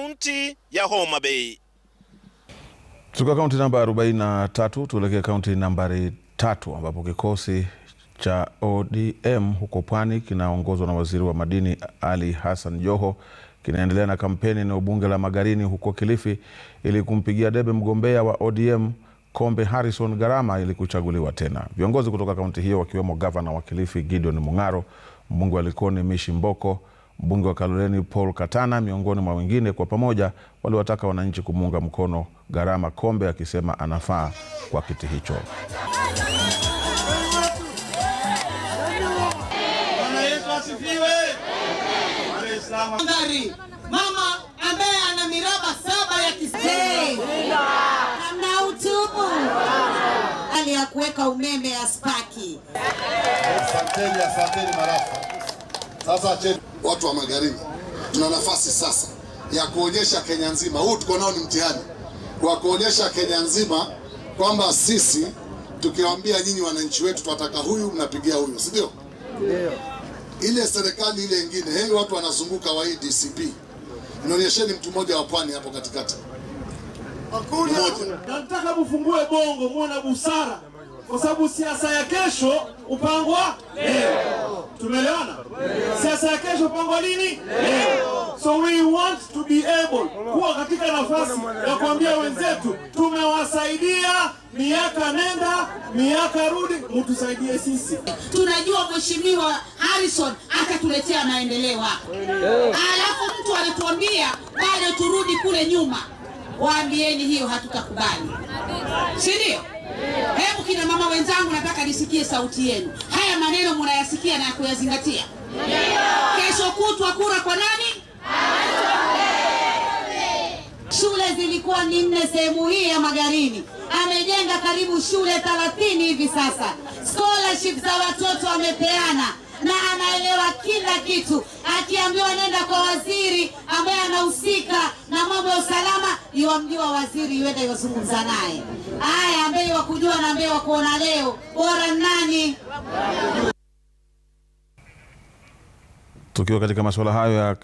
kaunti ya Homa Bay. Tuka kaunti namba 43 tuelekee kaunti nambari tatu ambapo kikosi cha ODM huko Pwani kinaongozwa na waziri wa madini Ali Hassan Joho kinaendelea na kampeni eneo bunge la Magarini huko Kilifi ili kumpigia debe mgombea wa ODM Kombe Harrison Garama ili kuchaguliwa tena. Viongozi kutoka kaunti hiyo wakiwemo gavana wa Kilifi Gideon Mung'aro, mbunge wa Likoni Mishi Mboko Mbunge wa Kaloleni Paul Katana miongoni mwa wengine, kwa pamoja waliwataka wananchi kumuunga mkono Gharama Kombe, akisema anafaa kwa kiti hicho. Mama ambaye ana miraba saba ya na utubu umeme ya spaki. Asanteni, asanteni marafa. Sasa acheni watu wa magharibi, tuna nafasi sasa ya kuonyesha Kenya nzima, huu tuko nao ni mtihani wa kuonyesha Kenya nzima kwamba sisi tukiwaambia nyinyi wananchi wetu tunataka huyu, mnapigia huyu, si ndio? Ile serikali ile ingine, hei, watu wanazunguka wa e DCP, nionyesheni mtu mmoja wa pwani hapo katikati. Nataka mfungue bongo, muone busara kwa sababu siasa ya kesho upangwa leo. Tumeelewana? Siasa ya kesho upangwa lini? Leo. So we want to be able kuwa katika nafasi ya kuambia wenzetu tumewasaidia miaka nenda miaka rudi, mtusaidie sisi. Tunajua Mheshimiwa Harrison akatuletea maendeleo hapo, alafu mtu anatuambia bado turudi kule nyuma. Waambieni hiyo hatutakubali, si ndio? Hebu kina mama wenzangu, nataka nisikie sauti yenu. Haya maneno munayasikia na kuyazingatia. Kesho kutwa kura kwa nani? Shule zilikuwa ni nne sehemu hii ya Magarini, amejenga karibu shule 30 hivi sasa. Scholarship za watoto amepeana na anaelewa kila kitu. Akiambiwa nenda kwa waziri ambaye anahusika na mambo ya usalama, iwamjua waziri, iwenda iwazungumza naye. Haya wa kujua na mbea wa kuona leo bora nani? Tukiwa katika masuala hayo ya